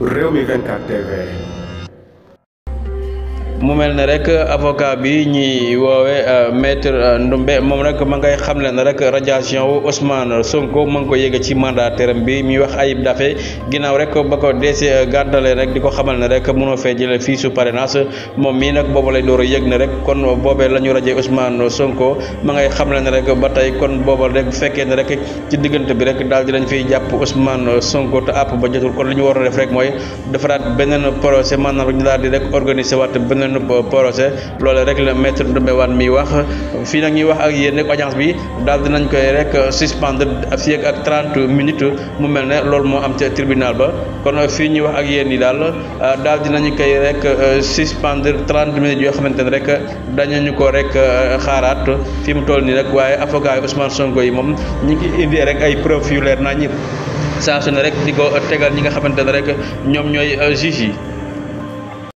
Rewmi 24 TV mu mel na rek avocat bi ñuy woowe euh, maître euh, Ndoumbe moom rek ma ngay xam leen rek radiation wu Ousmane Sonko ma ngi ko yëge ci mandataire bi muy wax Ayib Daffé ginnaaw rek ba ko deesee euh, gàddalee rek di ko xamal ne rek mënoo fee jëlee fii su parrainage moom mii nag boobu lay door a yëg ne rek kon boobee la ñu rajee Ousmane Sonko ma ngay xam leen rek ba tey kon boobal rek bu fekkee ne rek ci diggante bi rek daal di lañ fiy jàpp Ousmane Sonko te àpp ba jotul kon li ñu waroon def rek mooy defaraat beneen procès maanaam ñu daal di rek organiser waat beneen benn projet loolee rek la maître Ndoumbéwane mi wax fii nag ñuy wax ak yéen rek audience bi daal dinañ koy rek suspendre fii ak 30 minutes mu mel ne loolu moo am ca tribunal ba kon fii ñuy wax ak yéen yi daal daal dinañu koy rek suspendre 30 minutes yoo xamante ne rek dañañu ko rek xaaraat fi mu toll nii rek waaye avocat Ousmane Sonko yi moom ñi ngi indi rek ay preuve yu leer naa ñi saa su ne rek di ko tegal ñi nga xamante rek ñoom ñooy juge